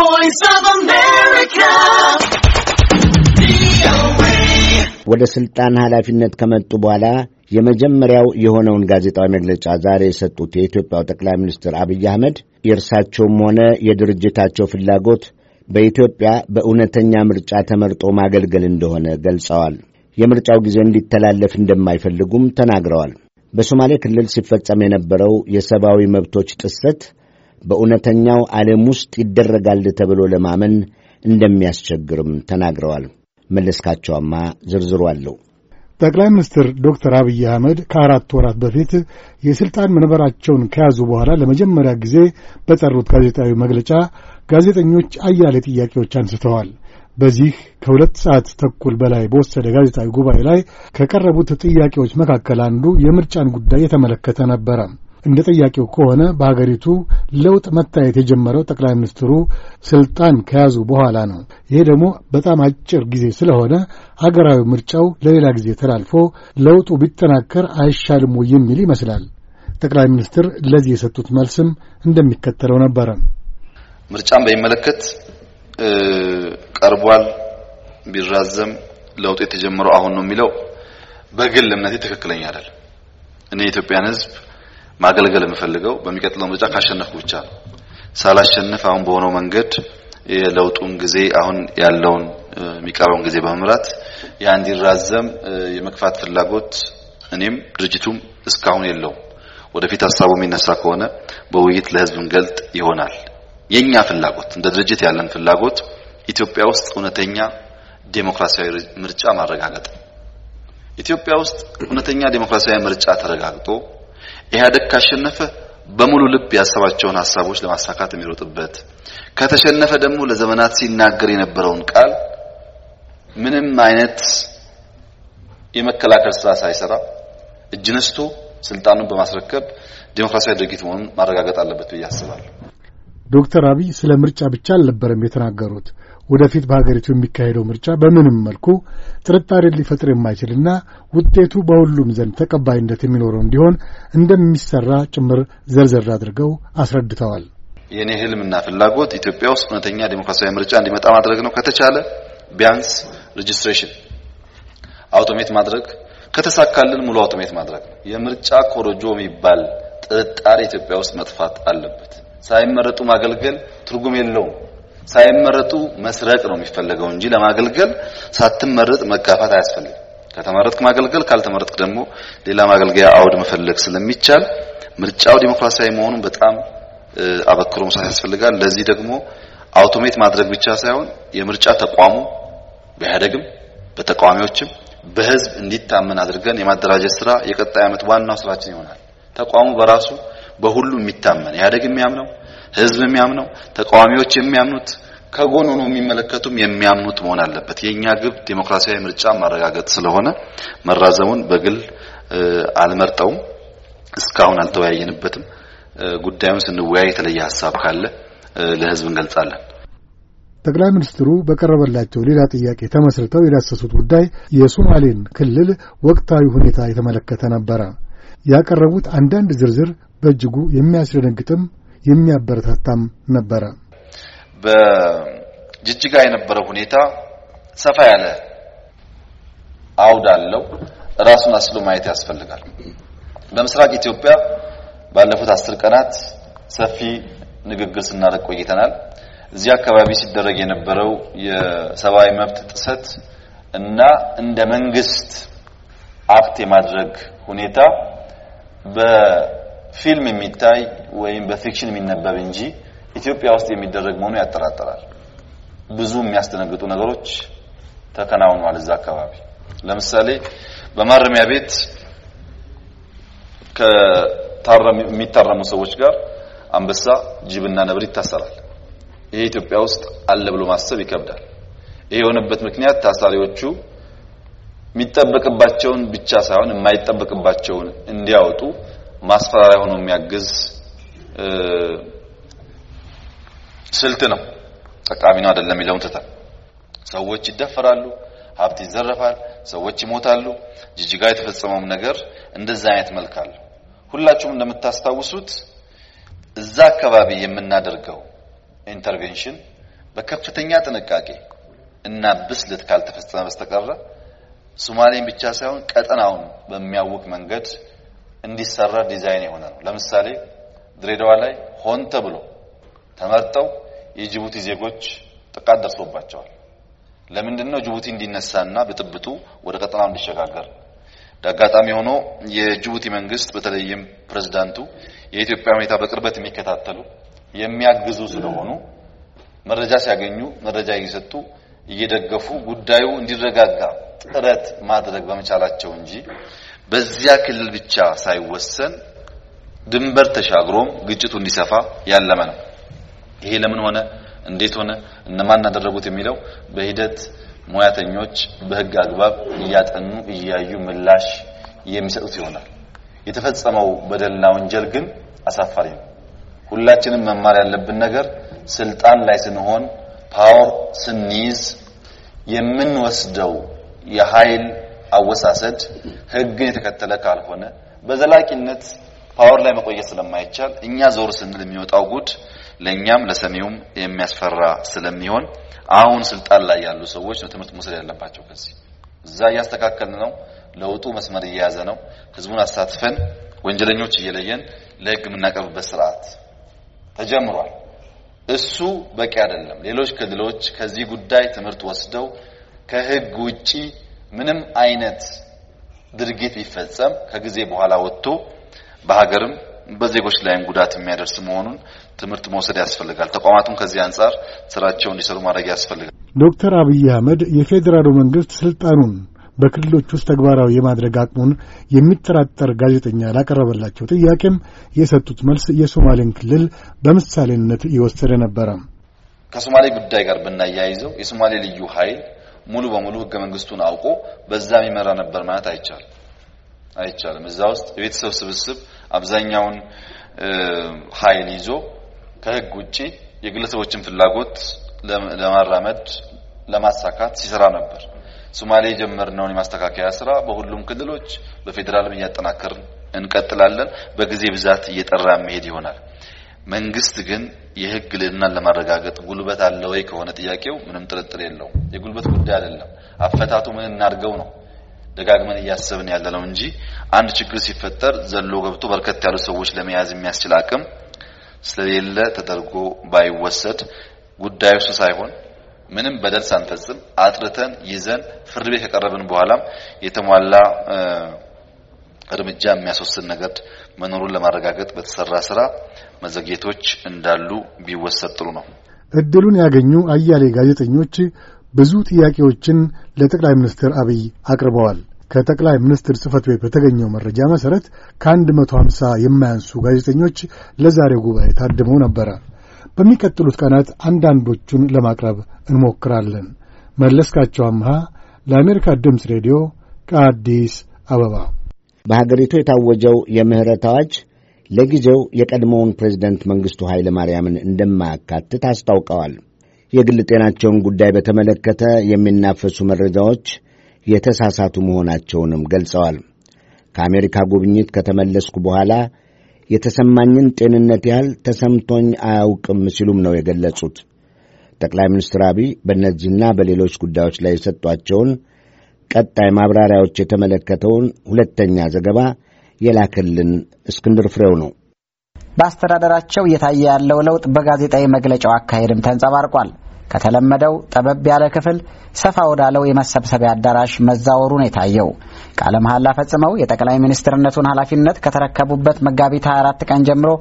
voice ወደ ስልጣን ኃላፊነት ከመጡ በኋላ የመጀመሪያው የሆነውን ጋዜጣዊ መግለጫ ዛሬ የሰጡት የኢትዮጵያው ጠቅላይ ሚኒስትር አብይ አህመድ የእርሳቸውም ሆነ የድርጅታቸው ፍላጎት በኢትዮጵያ በእውነተኛ ምርጫ ተመርጦ ማገልገል እንደሆነ ገልጸዋል። የምርጫው ጊዜ እንዲተላለፍ እንደማይፈልጉም ተናግረዋል። በሶማሌ ክልል ሲፈጸም የነበረው የሰብአዊ መብቶች ጥሰት በእውነተኛው ዓለም ውስጥ ይደረጋል ተብሎ ለማመን እንደሚያስቸግርም ተናግረዋል። መለስካቸዋማ ዝርዝሩ አለው። ጠቅላይ ሚኒስትር ዶክተር አብይ አህመድ ከአራት ወራት በፊት የሥልጣን መንበራቸውን ከያዙ በኋላ ለመጀመሪያ ጊዜ በጠሩት ጋዜጣዊ መግለጫ ጋዜጠኞች አያሌ ጥያቄዎች አንስተዋል። በዚህ ከሁለት ሰዓት ተኩል በላይ በወሰደ ጋዜጣዊ ጉባኤ ላይ ከቀረቡት ጥያቄዎች መካከል አንዱ የምርጫን ጉዳይ የተመለከተ ነበረ። እንደ ጥያቄው ከሆነ በሀገሪቱ ለውጥ መታየት የጀመረው ጠቅላይ ሚኒስትሩ ስልጣን ከያዙ በኋላ ነው። ይሄ ደግሞ በጣም አጭር ጊዜ ስለሆነ ሀገራዊ ምርጫው ለሌላ ጊዜ ተላልፎ ለውጡ ቢጠናከር አይሻልም ወይ የሚል ይመስላል። ጠቅላይ ሚኒስትር ለዚህ የሰጡት መልስም እንደሚከተለው ነበረ። ምርጫን በሚመለከት ቀርቧል። ቢራዘም ለውጡ የተጀመረው አሁን ነው የሚለው በግል እምነቴ ትክክለኛ አይደል። እኔ የኢትዮጵያን ሕዝብ ማገልገል የምፈልገው በሚቀጥለው ምርጫ ካሸነፍኩ ብቻ ነው። ሳላሸንፍ አሁን በሆነው መንገድ የለውጡን ጊዜ አሁን ያለውን የሚቀረውን ጊዜ በመምራት ያ እንዲራዘም የመግፋት ፍላጎት እኔም ድርጅቱም እስካሁን የለውም። ወደፊት ሀሳቡ የሚነሳ ከሆነ በውይይት ለህዝብን ገልጥ ይሆናል። የኛ ፍላጎት እንደ ድርጅት ያለን ፍላጎት ኢትዮጵያ ውስጥ እውነተኛ ዴሞክራሲያዊ ምርጫ ማረጋገጥ። ኢትዮጵያ ውስጥ እውነተኛ ዴሞክራሲያዊ ምርጫ ተረጋግጦ ኢህአደግ ካሸነፈ በሙሉ ልብ ያሰባቸውን ሀሳቦች ለማሳካት የሚሮጥበት፣ ከተሸነፈ ደግሞ ለዘመናት ሲናገር የነበረውን ቃል ምንም አይነት የመከላከል ስራ ሳይሰራ እጅ ነስቶ ስልጣኑን በማስረከብ ዴሞክራሲያዊ ድርጊት መሆኑን ማረጋገጥ አለበት ብዬ አስባለሁ። ዶክተር አብይ ስለ ምርጫ ብቻ አልነበረም የተናገሩት ወደፊት በሀገሪቱ የሚካሄደው ምርጫ በምንም መልኩ ጥርጣሬ ሊፈጥር የማይችልና ውጤቱ በሁሉም ዘንድ ተቀባይነት የሚኖረው እንዲሆን እንደሚሰራ ጭምር ዘርዘር አድርገው አስረድተዋል። የእኔ ህልምና ፍላጎት ኢትዮጵያ ውስጥ እውነተኛ ዴሞክራሲያዊ ምርጫ እንዲመጣ ማድረግ ነው። ከተቻለ ቢያንስ ሬጅስትሬሽን አውቶሜት ማድረግ ከተሳካልን ሙሉ አውቶሜት ማድረግ ነው። የምርጫ ኮረጆ የሚባል ጥርጣሬ ኢትዮጵያ ውስጥ መጥፋት አለበት። ሳይመረጡ ማገልገል ትርጉም የለውም። ሳይመረጡ መስረቅ ነው የሚፈለገው እንጂ ለማገልገል ሳትመረጥ መጋፋት አያስፈልግም። ከተመረጥክ ማገልገል፣ ካልተመረጥክ ደግሞ ሌላ ማገልገያ አውድ መፈለግ ስለሚቻል ምርጫው ዲሞክራሲያዊ መሆኑን በጣም አበክሮ መስራት ያስፈልጋል። ለዚህ ደግሞ አውቶሜት ማድረግ ብቻ ሳይሆን የምርጫ ተቋሙ በኢህአደግም በተቃዋሚዎችም በህዝብ እንዲታመን አድርገን የማደራጀት ስራ የቀጣይ ዓመት ዋናው ስራችን ይሆናል። ተቋሙ በራሱ በሁሉም የሚታመን ኢህአደግ የሚያምነው ህዝብ የሚያምነው ተቃዋሚዎች የሚያምኑት ከጎኑ ነው የሚመለከቱም የሚያምኑት መሆን አለበት። የኛ ግብ ዴሞክራሲያዊ ምርጫ ማረጋገጥ ስለሆነ መራዘሙን በግል አልመርጠውም። እስካሁን አልተወያየንበትም። ጉዳዩን ስንወያይ የተለየ ሀሳብ ካለ ለህዝብ እንገልጻለን። ጠቅላይ ሚኒስትሩ በቀረበላቸው ሌላ ጥያቄ ተመስርተው የዳሰሱት ጉዳይ የሶማሌን ክልል ወቅታዊ ሁኔታ የተመለከተ ነበረ። ያቀረቡት አንዳንድ ዝርዝር በእጅጉ የሚያስደነግጥም የሚያበረታታም ነበረ። በጅጅጋ የነበረው ሁኔታ ሰፋ ያለ አውድ አለው። ራሱን አስሎ ማየት ያስፈልጋል። በምስራቅ ኢትዮጵያ ባለፉት አስር ቀናት ሰፊ ንግግር ስናደርግ ቆይተናል። እዚህ አካባቢ ሲደረግ የነበረው የሰብአዊ መብት ጥሰት እና እንደ መንግስት አክት የማድረግ ሁኔታ ፊልም የሚታይ ወይም በፊክሽን የሚነበብ እንጂ ኢትዮጵያ ውስጥ የሚደረግ መሆኑ ያጠራጠራል። ብዙ የሚያስደነግጡ ነገሮች ተከናውኗል። እዛ አካባቢ ለምሳሌ በማረሚያ ቤት የሚታረሙ ሰዎች ጋር አንበሳ፣ ጅብና ነብር ይታሰራል። ይሄ ኢትዮጵያ ውስጥ አለ ብሎ ማሰብ ይከብዳል። ይሄ የሆነበት ምክንያት ታሳሪዎቹ የሚጠበቅባቸውን ብቻ ሳይሆን የማይጠበቅባቸውን እንዲያወጡ ማስፈራሪያ ሆኖ የሚያግዝ ስልት ነው። ጠቃሚ ነው አይደለም ይለውን ትተን ሰዎች ይደፈራሉ፣ ሀብት ይዘረፋል፣ ሰዎች ይሞታሉ። ጅጅጋ የተፈጸመውም ነገር እንደዛ አይነት መልክ አለ። ሁላችሁም እንደምታስታውሱት እዛ አካባቢ የምናደርገው ኢንተርቬንሽን በከፍተኛ ጥንቃቄ እና ብስለት ካልተፈጸመ በስተቀረ ሶማሌን ብቻ ሳይሆን ቀጠናውን በሚያውቅ መንገድ እንዲሰራ ዲዛይን የሆነ ነው። ለምሳሌ ድሬዳዋ ላይ ሆን ተብሎ ተመርጠው የጅቡቲ ዜጎች ጥቃት ደርሶባቸዋል። ለምንድን ነው ጅቡቲ እንዲነሳና ብጥብጡ ወደ ቀጠናው እንዲሸጋገር? አጋጣሚ ሆኖ የጅቡቲ መንግስት በተለይም ፕሬዝዳንቱ የኢትዮጵያ ሁኔታ በቅርበት የሚከታተሉ የሚያግዙ ስለሆኑ መረጃ ሲያገኙ መረጃ እየሰጡ እየደገፉ ጉዳዩ እንዲረጋጋ ጥረት ማድረግ በመቻላቸው እንጂ በዚያ ክልል ብቻ ሳይወሰን ድንበር ተሻግሮም ግጭቱ እንዲሰፋ ያለመ ነው። ይሄ ለምን ሆነ፣ እንዴት ሆነ፣ እነማን አደረጉት የሚለው በሂደት ሙያተኞች በህግ አግባብ እያጠኑ እያዩ ምላሽ የሚሰጡት ይሆናል። የተፈጸመው በደልና ወንጀል ግን አሳፋሪ ነው። ሁላችንም መማር ያለብን ነገር ስልጣን ላይ ስንሆን ፓወር ስንይዝ የምንወስደው የኃይል አወሳሰድ ህግን የተከተለ ካልሆነ በዘላቂነት ፓወር ላይ መቆየት ስለማይቻል እኛ ዞር ስንል የሚወጣው ጉድ ለኛም ለሰሚውም የሚያስፈራ ስለሚሆን አሁን ስልጣን ላይ ያሉ ሰዎች ነው ትምህርት መውሰድ ያለባቸው። ከዚህ እዛ እያስተካከልን ነው። ለውጡ መስመር እየያዘ ነው። ህዝቡን አሳትፈን ወንጀለኞች እየለየን ለህግ የምናቀርብበት ስርዓት ተጀምሯል። እሱ በቂ አይደለም። ሌሎች ክልሎች ከዚህ ጉዳይ ትምህርት ወስደው ከህግ ውጪ ምንም አይነት ድርጊት ቢፈጸም ከጊዜ በኋላ ወጥቶ በሀገርም በዜጎች ላይም ጉዳት የሚያደርስ መሆኑን ትምህርት መውሰድ ያስፈልጋል። ተቋማቱን ከዚህ አንጻር ስራቸውን እንዲሰሩ ማድረግ ያስፈልጋል። ዶክተር አብይ አህመድ የፌዴራሉ መንግስት ስልጣኑን በክልሎች ውስጥ ተግባራዊ የማድረግ አቅሙን የሚጠራጠር ጋዜጠኛ ላቀረበላቸው ጥያቄም የሰጡት መልስ የሶማሌን ክልል በምሳሌነት የወሰደ ነበረ። ከሶማሌ ጉዳይ ጋር ብናያይዘው የሶማሌ ልዩ ኃይል ሙሉ በሙሉ ህገ መንግስቱን አውቆ በዛ የሚመራ ነበር ማለት አይቻልም አይቻልም። እዛ ውስጥ የቤተሰብ ስብስብ አብዛኛውን ኃይል ይዞ ከህግ ውጪ የግለሰቦችን ፍላጎት ለማራመድ ለማሳካት ሲሰራ ነበር። ሶማሌ የጀመርነውን የማስተካከያ ስራ በሁሉም ክልሎች በፌዴራልም እያጠናከርን እንቀጥላለን። በጊዜ ብዛት እየጠራ መሄድ ይሆናል። መንግስት ግን የህግ ልዕልናን ለማረጋገጥ ጉልበት አለ ወይ ከሆነ ጥያቄው ምንም ጥርጥር የለውም። የጉልበት ጉዳይ አይደለም። አፈታቱ ምን እናድርገው ነው ደጋግመን እያሰብን ያለ ነው እንጂ አንድ ችግር ሲፈጠር ዘሎ ገብቶ በርከት ያሉ ሰዎች ለመያዝ የሚያስችል አቅም ስለሌለ ተደርጎ ባይወሰድ ጉዳዩ እሱ ሳይሆን ምንም በደል ሳንፈጽም አጥርተን ይዘን ፍርድ ቤት ከቀረብን በኋላም የተሟላ እርምጃ የሚያስወስን ነገር መኖሩን ለማረጋገጥ በተሰራ ስራ መዘግየቶች እንዳሉ ቢወሰድ ጥሩ ነው። እድሉን ያገኙ አያሌ ጋዜጠኞች ብዙ ጥያቄዎችን ለጠቅላይ ሚኒስትር አብይ አቅርበዋል። ከጠቅላይ ሚኒስትር ጽህፈት ቤት በተገኘው መረጃ መሠረት ከ ሀምሳ የማያንሱ ጋዜጠኞች ለዛሬው ጉባኤ ታድመው ነበረ። በሚቀጥሉት ቀናት አንዳንዶቹን ለማቅረብ እንሞክራለን። መለስካቸው አምሃ ለአሜሪካ ድምፅ ሬዲዮ ከአዲስ አበባ በሀገሪቱ የታወጀው የምህረት አዋጅ ለጊዜው የቀድሞውን ፕሬዚደንት መንግሥቱ ኃይለ ማርያምን እንደማያካትት አስታውቀዋል። የግል ጤናቸውን ጉዳይ በተመለከተ የሚናፈሱ መረጃዎች የተሳሳቱ መሆናቸውንም ገልጸዋል። ከአሜሪካ ጉብኝት ከተመለስኩ በኋላ የተሰማኝን ጤንነት ያህል ተሰምቶኝ አያውቅም ሲሉም ነው የገለጹት። ጠቅላይ ሚኒስትር አብይ በእነዚህና በሌሎች ጉዳዮች ላይ የሰጧቸውን ቀጣይ ማብራሪያዎች የተመለከተውን ሁለተኛ ዘገባ የላከልን እስክንድር ፍሬው ነው። በአስተዳደራቸው እየታየ ያለው ለውጥ በጋዜጣዊ መግለጫው አካሄድም ተንጸባርቋል። ከተለመደው ጠበብ ያለ ክፍል ሰፋ ወዳለው የመሰብሰቢያ አዳራሽ መዛወሩን የታየው። ቃለ መሐላ ፈጽመው የጠቅላይ ሚኒስትርነቱን ኃላፊነት ከተረከቡበት መጋቢት 24 ቀን ጀምሮ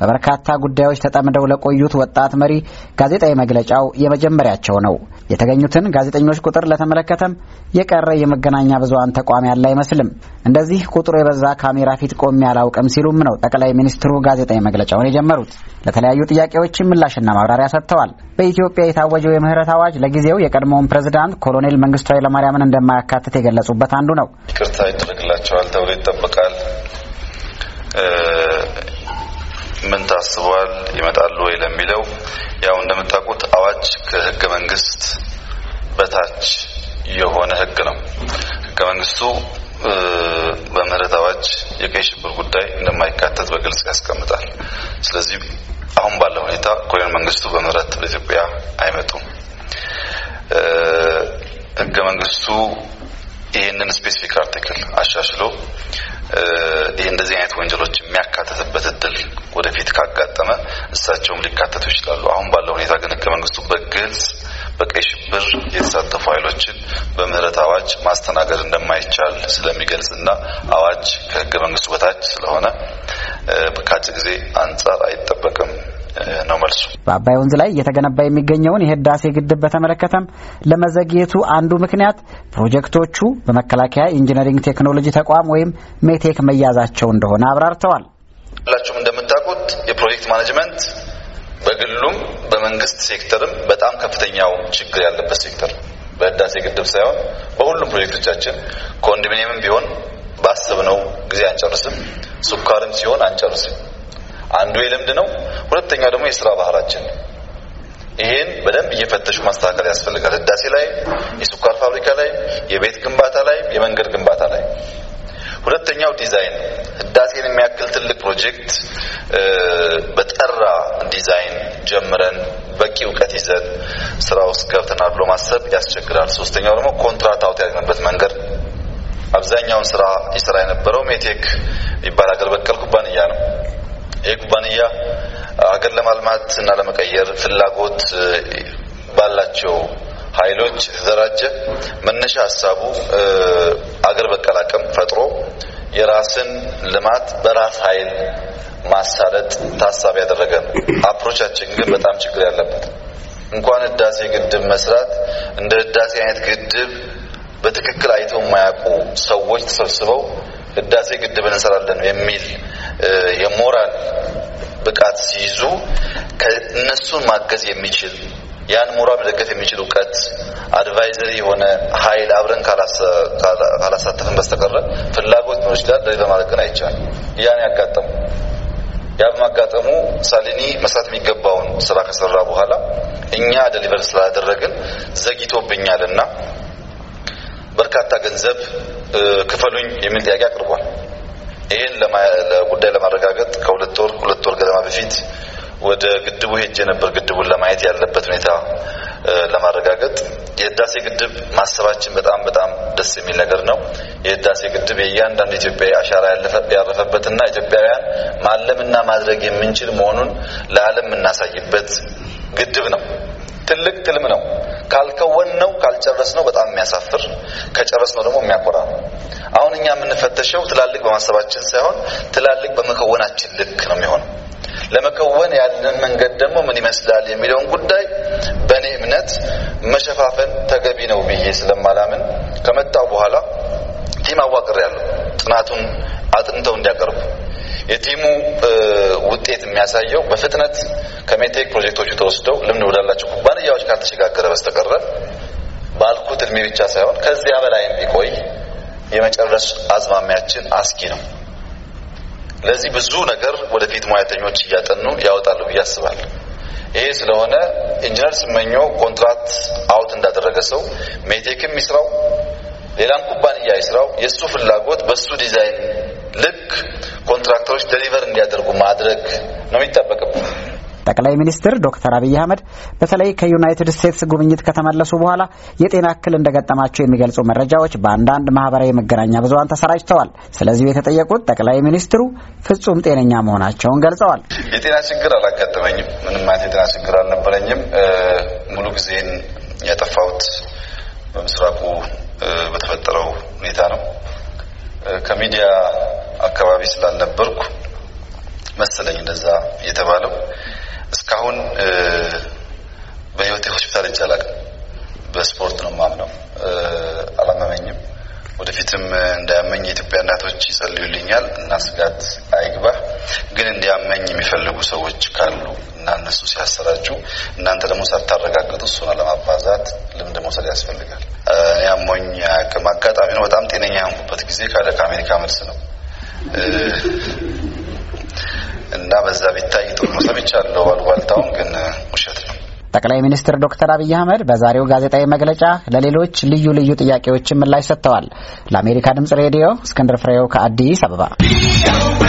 በበርካታ ጉዳዮች ተጠምደው ለቆዩት ወጣት መሪ ጋዜጣዊ መግለጫው የመጀመሪያቸው ነው። የተገኙትን ጋዜጠኞች ቁጥር ለተመለከተም የቀረ የመገናኛ ብዙሃን ተቋም ያለ አይመስልም። እንደዚህ ቁጥሩ የበዛ ካሜራ ፊት ቆሜ አላውቅም ሲሉም ነው ጠቅላይ ሚኒስትሩ ጋዜጣዊ መግለጫውን የጀመሩት። ለተለያዩ ጥያቄዎችም ምላሽና ማብራሪያ ሰጥተዋል። በኢትዮጵያ የታወጀው የምህረት አዋጅ ለጊዜው የቀድሞውን ፕሬዝዳንት ኮሎኔል መንግስቱ ኃይለማርያምን እንደማያካትት የገለጹበት አንዱ ነው። ይቅርታ ይደረግላቸዋል ተብሎ ይጠበቃል። ምን ታስቧል ይመጣሉ ወይ ለሚለው ያው እንደምታውቁት አዋጅ ከህገ መንግስት በታች የሆነ ህግ ነው። ህገ መንግስቱ በምህረት አዋጅ የቀይ ሽብር ጉዳይ እንደማይካተት በግልጽ ያስቀምጣል። ስለዚህ አሁን ባለው ሁኔታ ኮሎኔል መንግስቱ በምህረት በኢትዮጵያ አይመጡም። ህገ መንግስቱ ይህንን ስፔሲፊክ አርቲክል አሻሽሎ ይህ እንደዚህ አይነት ወንጀሎች የሚያካትትበት እድል ወደፊት ካጋጠመ እሳቸውም ሊካተቱ ይችላሉ። አሁን ባለው ሁኔታ ግን ህገ መንግስቱ በግልጽ በቀይ ሽብር የተሳተፉ ኃይሎችን በምህረት አዋጅ ማስተናገድ እንደማይቻል ስለሚገልጽና አዋጅ ከህገ መንግስቱ በታች ስለሆነ በካጭ ጊዜ አንጻር አይጠበቅም። ነው መልሱ። በአባይ ወንዝ ላይ እየተገነባ የሚገኘውን የህዳሴ ግድብ በተመለከተም ለመዘግየቱ አንዱ ምክንያት ፕሮጀክቶቹ በመከላከያ ኢንጂነሪንግ ቴክኖሎጂ ተቋም ወይም ሜቴክ መያዛቸው እንደሆነ አብራርተዋል። ሁላችሁም እንደምታውቁት የፕሮጀክት ማኔጅመንት በግሉም በመንግስት ሴክተርም በጣም ከፍተኛው ችግር ያለበት ሴክተር በህዳሴ ግድብ ሳይሆን በሁሉም ፕሮጀክቶቻችን ኮንዶሚኒየምም ቢሆን ባሰብነው ጊዜ አንጨርስም፣ ሱካርም ሲሆን አንጨርስም። አንዱ የልምድ ነው፣ ሁለተኛው ደግሞ የስራ ባህላችን ይሄን በደንብ እየፈተሹ ማስተካከል ያስፈልጋል። ህዳሴ ላይ፣ የስኳር ፋብሪካ ላይ፣ የቤት ግንባታ ላይ፣ የመንገድ ግንባታ ላይ። ሁለተኛው ዲዛይን ህዳሴን የሚያክል ትልቅ ፕሮጀክት በጠራ ዲዛይን ጀምረን በቂ እውቀት ይዘን ስራ ውስጥ ገብተናል ብሎ ማሰብ ያስቸግራል። ሶስተኛው ደግሞ ኮንትራት አውት ያደረግንበት መንገድ አብዛኛውን ስራ ይሰራ የነበረው ሜቴክ የሚባል ሀገር በቀል ኩባንያ ነው። ይህ ኩባንያ ሀገር ለማልማት እና ለመቀየር ፍላጎት ባላቸው ኃይሎች የተደራጀ መነሻ ሀሳቡ አገር በቀል አቅም ፈጥሮ የራስን ልማት በራስ ኃይል ማሳለጥ ታሳቢ ያደረገ ነው። አፕሮቻችን ግን በጣም ችግር ያለበት እንኳን ህዳሴ ግድብ መስራት እንደ ህዳሴ አይነት ግድብ በትክክል አይተው የማያውቁ ሰዎች ተሰብስበው ህዳሴ ግድብ እንሰራለን የሚል የሞራል ብቃት ሲይዙ እነሱን ማገዝ የሚችል ያን ሞራል መደገፍ የሚችል እውቀት አድቫይዘሪ የሆነ ኃይል አብረን ካላሳተፍን በስተቀረ ፍላጎት ነው ይችላል ለሌላ ማለት ግን ያን ያጋጠሙ ያ በማጋጠሙ ሳሊኒ መስራት የሚገባውን ስራ ከሰራ በኋላ እኛ ደሊቨር ስላደረግን ዘግይቶብኛልና በርካታ ገንዘብ ክፈሉኝ የሚል ጥያቄ አቅርቧል። ይህን ለጉዳይ ለማረጋገጥ ከሁለት ወር ሁለት ወር ገደማ በፊት ወደ ግድቡ ሄጄ ነበር። ግድቡን ለማየት ያለበት ሁኔታ ለማረጋገጥ የህዳሴ ግድብ ማሰባችን በጣም በጣም ደስ የሚል ነገር ነው። የህዳሴ ግድብ የእያንዳንዱ ኢትዮጵያዊ አሻራ ያረፈበትና ኢትዮጵያውያን ማለምና ማድረግ የምንችል መሆኑን ለዓለም የምናሳይበት ግድብ ነው። ትልቅ ትልም ነው። ካልከወን ነው ካልጨረስ ነው በጣም የሚያሳፍር ከጨረስ ነው ደግሞ የሚያኮራ ነው። አሁን እኛ የምንፈተሸው ትላልቅ በማሰባችን ሳይሆን ትላልቅ በመከወናችን ልክ ነው የሚሆነው። ለመከወን ያለን መንገድ ደግሞ ምን ይመስላል የሚለውን ጉዳይ በእኔ እምነት መሸፋፈን ተገቢ ነው ብዬ ስለማላምን ከመጣው በኋላ ቲም አዋቅር ያለው ጥናቱን አጥንተው እንዲያቀርቡ የቲሙ ውጤት የሚያሳየው በፍጥነት ከሜቴክ ፕሮጀክቶቹ ተወስደው ልምድ ወዳላቸው ኩባንያዎች ካልተሸጋገረ በስተቀረ ባልኩት እድሜ ብቻ ሳይሆን ከዚያ በላይ እንዲቆይ የመጨረስ አዝማሚያችን አስኪ ነው። ለዚህ ብዙ ነገር ወደፊት ሙያተኞች እያጠኑ ያወጣሉ ብዬ አስባለሁ። ይሄ ስለሆነ ኢንጂነር ስመኞ ኮንትራክት አውት እንዳደረገ ሰው ሜቴክም ይስራው ሌላም ኩባንያ ይስራው የእሱ ፍላጎት በሱ ዲዛይን ልክ ኮንትራክተሮች ደሊቨር እንዲያደርጉ ማድረግ ነው የሚጠበቅብን። ጠቅላይ ሚኒስትር ዶክተር አብይ አህመድ በተለይ ከዩናይትድ ስቴትስ ጉብኝት ከተመለሱ በኋላ የጤና እክል እንደገጠማቸው የሚገልጹ መረጃዎች በአንዳንድ ማህበራዊ መገናኛ ብዙሃን ተሰራጭተዋል። ስለዚሁ የተጠየቁት ጠቅላይ ሚኒስትሩ ፍጹም ጤነኛ መሆናቸውን ገልጸዋል። የጤና ችግር አላጋጠመኝም፣ ምንም አይነት የጤና ችግር አልነበረኝም ስጋት አይግባህ። ግን እንዲያመኝ የሚፈልጉ ሰዎች ካሉ እና እነሱ ሲያሰራጩ እናንተ ደግሞ ሳታረጋግጡ እሱን ለማባዛት ልምድ መውሰድ ያስፈልጋል። እኔ አሞኝ አያውቅም። አጋጣሚ ነው። በጣም ጤነኛ ያንኩበት ጊዜ ከአሜሪካ መልስ ነው እና በዛ ቢታይ ጥሩ ነው። ሰምቻለሁ አሉባልታውን፣ ግን ውሸት ነው። ጠቅላይ ሚኒስትር ዶክተር አብይ አህመድ በዛሬው ጋዜጣዊ መግለጫ ለሌሎች ልዩ ልዩ ጥያቄዎችን ምላሽ ሰጥተዋል። ለአሜሪካ ድምጽ ሬዲዮ እስክንድር ፍሬው ከአዲስ አበባ Don't